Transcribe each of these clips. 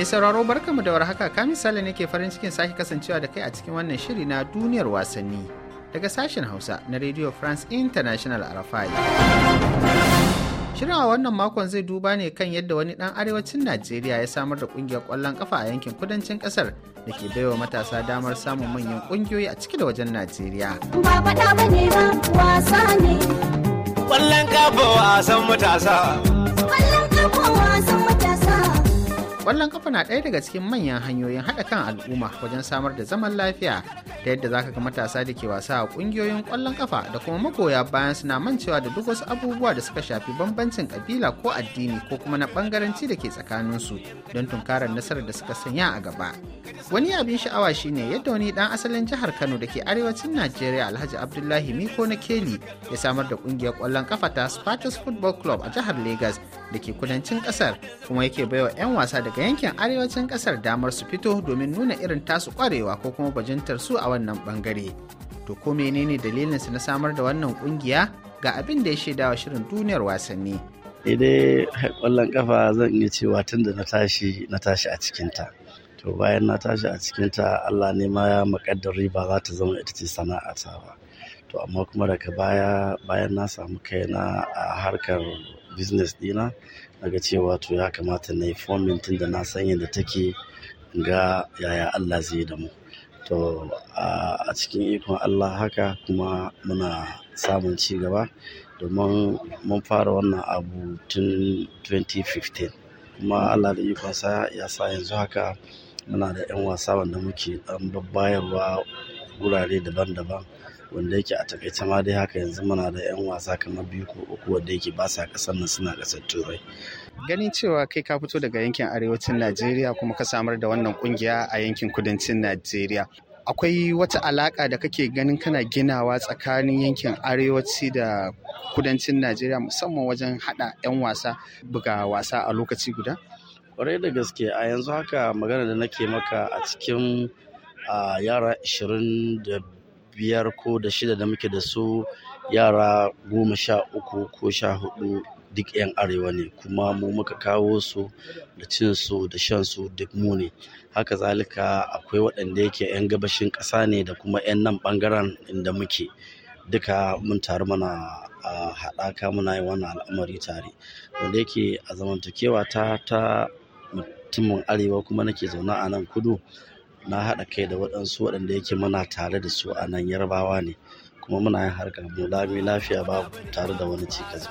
Mai sauraro barkamu da warhaka ka misali ke farin cikin sake kasancewa da kai a cikin wannan shiri na duniyar wasanni daga sashen Hausa na Radio France International Arafai. Shirin a wannan makon zai duba ne kan yadda wani dan arewacin Najeriya ya samar da kungiyar kwallon kafa a yankin kudancin kasar da ke baiwa matasa damar samun manyan kungiyoyi a ciki da wajen Najeriya. Ba kafa wasan matasa. kwallon kafa wasan matasa. Ƙwallon kafa na ɗaya daga cikin manyan hanyoyin haɗa kan al'umma wajen samar da zaman lafiya ta yadda zaka ga matasa da ke wasa a ƙungiyoyin ƙwallon kafa da kuma magoya bayan suna mancewa da duk wasu abubuwa da suka shafi bambancin ƙabila ko addini ko kuma na ɓangaranci da ke tsakaninsu don tunkarar nasarar da suka sanya a gaba. Wani abin sha'awa shine yadda wani ɗan asalin jihar Kano da ke arewacin Najeriya Alhaji Abdullahi Miko na Keli ya samar da ƙungiyar ƙwallon kafa ta Spartans Football Club a jihar Legas da ke kudancin ƙasar kuma yake baiwa 'yan wasa daga da yankin arewacin kasar damar su fito domin nuna irin tasu kwarewa ko kuma bajintar su a wannan bangare to ko menene dalilinsu na samar da wannan kungiya ga abin da ya shaidawa shirin duniyar wasanni dai kwallon kafa zan iya cewa tun da na tashi na tashi a cikinta to bayan na tashi a cikinta allah ne ma ya makaddari ba za ta zama ita ce sana'a ta ba to amma kuma daga baya bayan na samu kaina a harkar business dina ga cewa to ya kamata na yi fomin tun da na san yadda take ga yaya Allah zai da mu to a cikin ikon Allah haka kuma muna samun ci gaba domin mun fara wannan abu tun 2015 kuma Allah da ikonsa ya sa yanzu haka muna da 'yan wasa wanda muke dan babbayarwa gurare daban-daban wanda yake a takaice ma dai haka yanzu muna da 'yan wasa kamar biyu ko uku wanda yake ba sa kasar nan suna kasar turai ganin cewa kai ka fito daga yankin arewacin najeriya kuma ka samar da wannan kungiya a yankin kudancin najeriya akwai wata alaka da kake ganin kana ginawa tsakanin yankin arewaci da kudancin najeriya musamman wajen hada 'yan wasa buga wasa a lokaci guda kwarai da gaske a yanzu haka magana da nake maka a cikin yara biyar ko da shida da muke da su yara goma sha uku ko sha hudu duk 'yan arewa ne kuma mu muka kawo su da cin su da shan su duk mu ne haka zalika akwai waɗanda yake 'yan gabashin ƙasa ne da kuma 'yan nan ɓangaren inda muke duka mun taru mana a haɗaka muna yi wannan al'amari tare wanda yake a zamantakewa ta ta mutumin arewa kuma nake zaune a nan kudu na haɗa kai da waɗansu waɗanda yake muna tare da su a nan yarbawa ne kuma muna yin harkar mu lami lafiya babu tare da wani cikas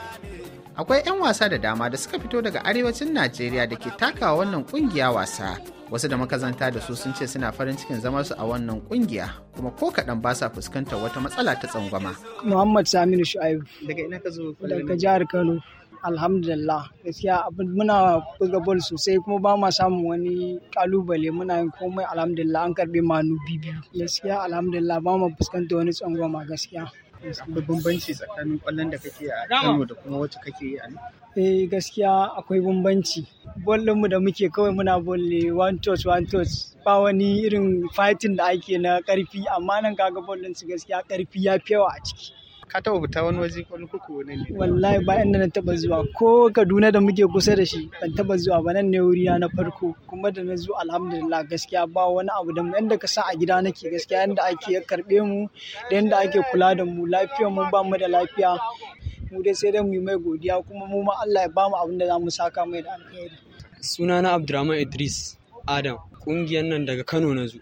akwai 'yan wasa da dama da suka fito daga arewacin najeriya da ke takawa wannan kungiya wasa wasu da makazanta da su sun ce suna farin cikin zama su a wannan kungiya kuma ko kaɗan ba sa fuskantar wata matsala ta tsangwama muhammad saminu shu'aibu daga ina ka zo daga jihar kano alhamdulillah gaskiya abin muna buga bol sosai kuma ba ma samun wani kalubale muna yin komai alhamdulillah an karbe manu bibi gaskiya alhamdulillah ba mu fuskanta wani tsangwa ma gaskiya akwai bambanci tsakanin kwallon da kake a Kano da kuma wacce kake yi a nan? Eh gaskiya akwai bambanci. Bollon mu da muke kawai muna bolle one touch one touch ba wani irin fighting da ake na karfi amma nan kaga bollon su gaskiya karfi ya fi yawa a ciki. ka taba fita wani waje wani kuku ne wallahi ba inda na taba zuwa ko Kaduna da muke kusa da shi ban taba zuwa ba nan ne wuri na farko kuma da na zo alhamdulillah gaskiya ba wani abu da yanda ka sa a gida nake gaskiya yanda ake karɓe mu da yanda ake kula da mu lafiyar mu ba mu da lafiya mu dai sai dai mu yi mai godiya kuma mu ma Allah ya bamu abin da za mu saka mai da alheri sunana Abdurrahman Idris Adam ƙungiyar nan daga Kano na zo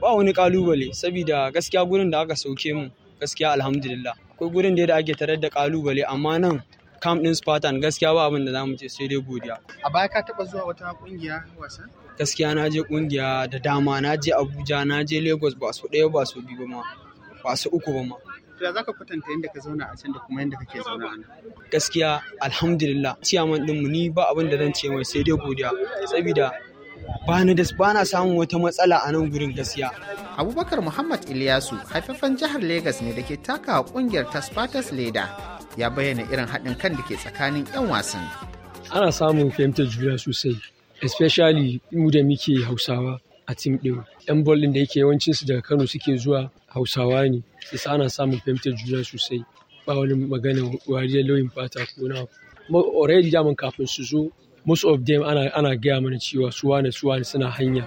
ba wani kalubale saboda gaskiya gurin da aka sauke mu gaskiya alhamdulillah akwai gurin da ake tarar da kalubale amma nan camp din Spartan gaskiya ba abin da zamu ce sai dai godiya. A baya ka taba zuwa wata kungiya wasa? Gaskiya na je kungiya da dama na je Abuja na je Lagos ba su ɗaya ba su biyu ba ba su uku ba ma. Ya za ka kwatanta yadda ka zauna a can da kuma yadda kake zauna a nan? Gaskiya alhamdulillah ciyaman ɗinmu ni ba abin da zan ce mai sai dai godiya saboda Bani da bana samun wata matsala a nan gurin gaskiya. Abubakar Muhammad Ilyasu haifafan jihar Legas ne da ke taka kungiyar Taspatas Leda ya bayyana irin haɗin kan da ke tsakanin 'yan wasan. Ana samun fahimtar juna sosai, especially mu da muke Hausawa a tim ɗin. 'Yan bol ɗin da yake su daga Kano suke zuwa Hausawa ne, isa ana samun fahimtar juna sosai. Ba wani magana wariyar lauyin fata ko na already daman kafin su zo most of them ana, ana gaya mana cewa su wane su wane suna hanya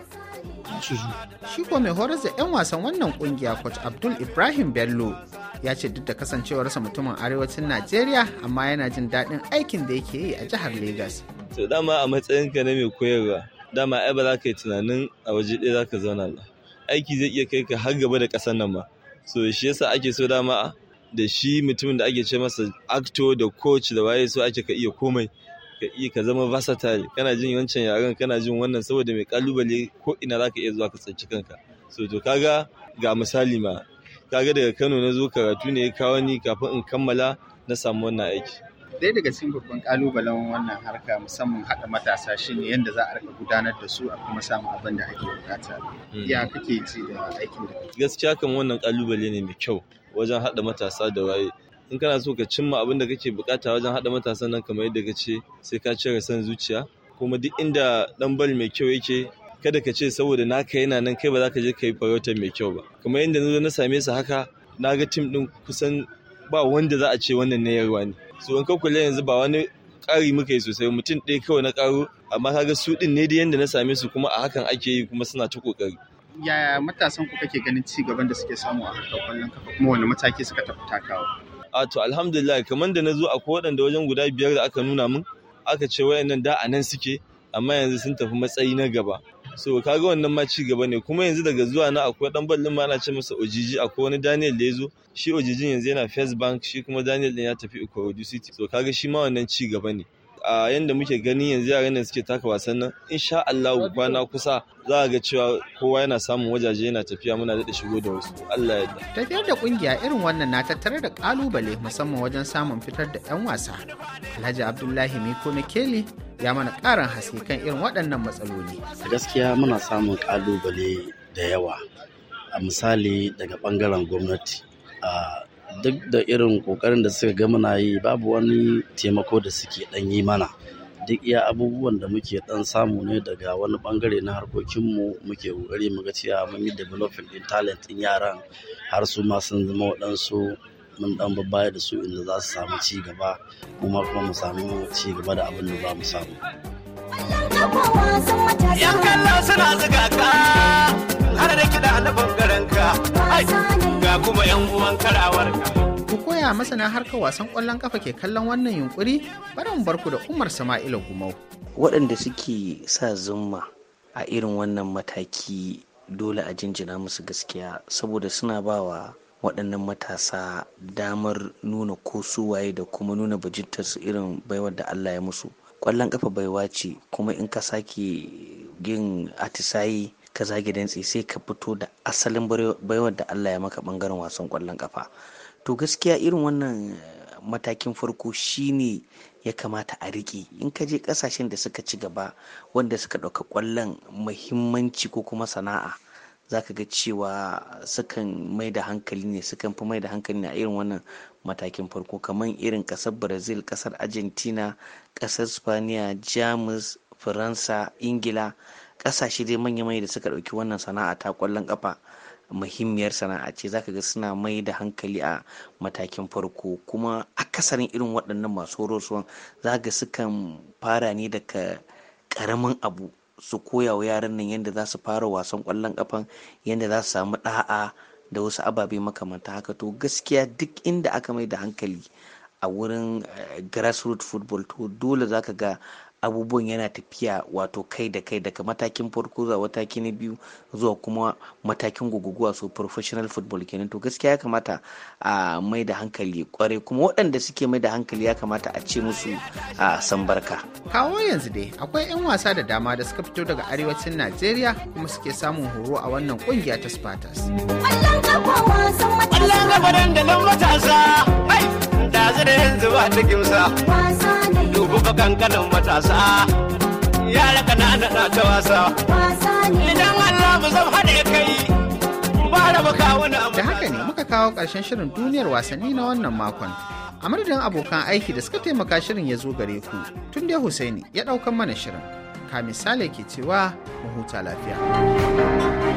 su zo. Shi ko mai horar da 'yan wasan wannan kungiya coach Abdul Ibrahim Bello ya ce duk da kasancewarsa mutumin arewacin Najeriya amma yana jin daɗin aikin da yake yi a jihar Legas. To dama a matsayinka na mai koyarwa dama ai ba za ka yi tunanin a waje ɗaya za ka zauna ba. Aiki zai iya kai ka har gaba da ƙasar nan ba. So shi yasa ake so dama da shi mutumin da ake ce masa actor da coach da waye so ake ka iya komai ka iya ka zama versatile kana jin wancan yaren kana jin wannan saboda mai kalubale ko ina za ka iya zuwa ka tsaki kanka so to kaga ga misali ma kaga daga Kano na zo karatu ne ya kawo ni kafin in kammala na samu wannan aiki ɗaya daga cikin babban kalubalen wannan harka musamman haɗa matasa shine yadda za a rika gudanar da su a kuma samun abin da ake bukata hmm. ya kake ji da aikin da gaskiya kan wannan kalubale ne mai kyau wajen haɗa matasa da waye in kana so ka cimma abin da kake bukata wajen haɗa matasan nan kamar yadda ka ce sai ka cire san zuciya kuma duk inda ɗan bal mai kyau yake kada ka ce saboda naka yana nan kai ba za ka je ka yi farautar mai kyau ba kamar yadda na na same su haka na ga tim ɗin kusan ba wanda za a ce wannan na yarwa ne so in ka yanzu ba wani ƙari muka yi sosai mutum ɗaya kawai na ƙaro amma kaga su ɗin ne da yadda na same su kuma a hakan ake yi kuma suna ta ƙoƙari. yaya matasan ku kake ganin ci gaban da suke samu a harkar kwallon kafa kuma wani mataki suka tafi takawa a to alhamdulillah kamar da na zo akwai waɗanda wajen guda biyar da aka nuna mun, aka ce wayannan da a nan suke amma yanzu sun tafi matsayi na gaba so kaga wannan ma ci gaba ne kuma yanzu daga zuwa na akwai dan ballin ma ana ce masa ojiji akwai wani daniel da ya zo shi ojijin yanzu yana first bank shi kuma daniel din ya tafi ikorodu city so kaga shi ma wannan ci gaba ne a yanda muke gani yanzu yaran da suke taka wasan nan insha Allah kwana kusa za a ga cewa kowa yana samun wajaje yana tafiya muna da shigo da wasu Allah ya yarda tafiyar da kungiya irin wannan na tattare da kalubale musamman wajen samun fitar da yan wasa Alhaji Abdullahi Miko na ya mana karin haske kan irin waɗannan matsaloli gaskiya muna samun ƙalubale da yawa a misali daga bangaren gwamnati a duk da irin ƙoƙarin da suka ga muna yi babu wani taimako da suke ɗan yi mana duk iya abubuwan da muke ɗan samu ne daga wani ɓangare na harkokinmu muke ƙoƙari mu ga cewa mun yi developing ɗin talent ɗin yaran har su ma sun zama waɗansu mun ɗan babbaya da su inda za su samu ci gaba kuma kuma mu samu ci gaba da abin da za mu samu. Yan kallon suna zuga ka har da kiɗa na bangaren ka. ga kuma 'yan uwan karawarka. Ku koya masana harkar wasan kwallon kafa ke kallon wannan yunkuri bari mu barku da Umar Sama'ila Gumau. Waɗanda suke sa zumma a irin wannan mataki dole a jinjina musu gaskiya saboda suna bawa waɗannan matasa damar nuna ko suwaye da kuma nuna bajintarsu irin baiwar da Allah ya musu. Ƙwallon kafa baiwa ce kuma in ka sake yin atisayi. ka zage dantse sai ka fito da asalin baiwar da Allah ya maka bangaren wasan kwallon kafa to gaskiya irin wannan eh, matakin farko shine ya kamata a riƙe in ka je kasashen da suka ci gaba wanda suka ɗauka ƙwallon muhimmanci ko kuma sana'a za ka ga cewa sukan mai da hankali ne sukan fi mai da hankali ne a irin wannan matakin farko kamar irin ƙasar brazil ƙasar argentina ƙasar spaniya jamus faransa ingila ƙasashe dai manya-manya da suka ɗauki wannan sana'a ta ƙwallon ƙafa muhimmiyar sana'a ce zaka ga suna mai da hankali a matakin farko kuma akasarin irin waɗannan masu horosuwan zaka sukan fara ne daga ƙaramin abu su koya wa yaran nan yadda za su fara wasan ƙwallon ƙafan yadda za su samu ɗa'a da wasu ababe makamanta haka to gaskiya duk inda aka mai da hankali a wurin eh, grassroots football to dole zaka ga abubuwan yana tafiya wato kai da kai daga matakin farko zuwa mataki na biyu zuwa kuma matakin guguwa so professional football kenan to gaskiya ya kamata a mai da hankali kware kuma waɗanda suke mai da hankali ya kamata a ce musu a san barka kawo yanzu dai akwai 'yan wasa da dama da suka fito daga arewacin najeriya kuma suke samun horo a wannan kungiya ta spartans gaba matasa da yanzu ba ta dubu kankanin matasa yara na ta wasa idan Allah mu zan haɗe kai ba kawo na da haka ne muka kawo ƙarshen shirin duniyar wasanni na wannan makon a madadin abokan aiki da suka taimaka shirin ya zo gare ku tun dai Husaini ya ɗaukan mana shirin ka misali ke cewa mu huta lafiya.